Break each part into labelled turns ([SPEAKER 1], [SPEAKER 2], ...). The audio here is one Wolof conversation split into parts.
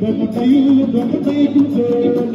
[SPEAKER 1] dama tey dama tey tuuti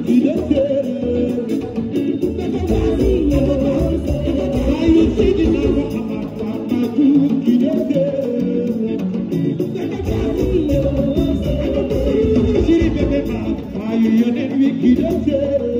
[SPEAKER 1] Why you yelling wicked and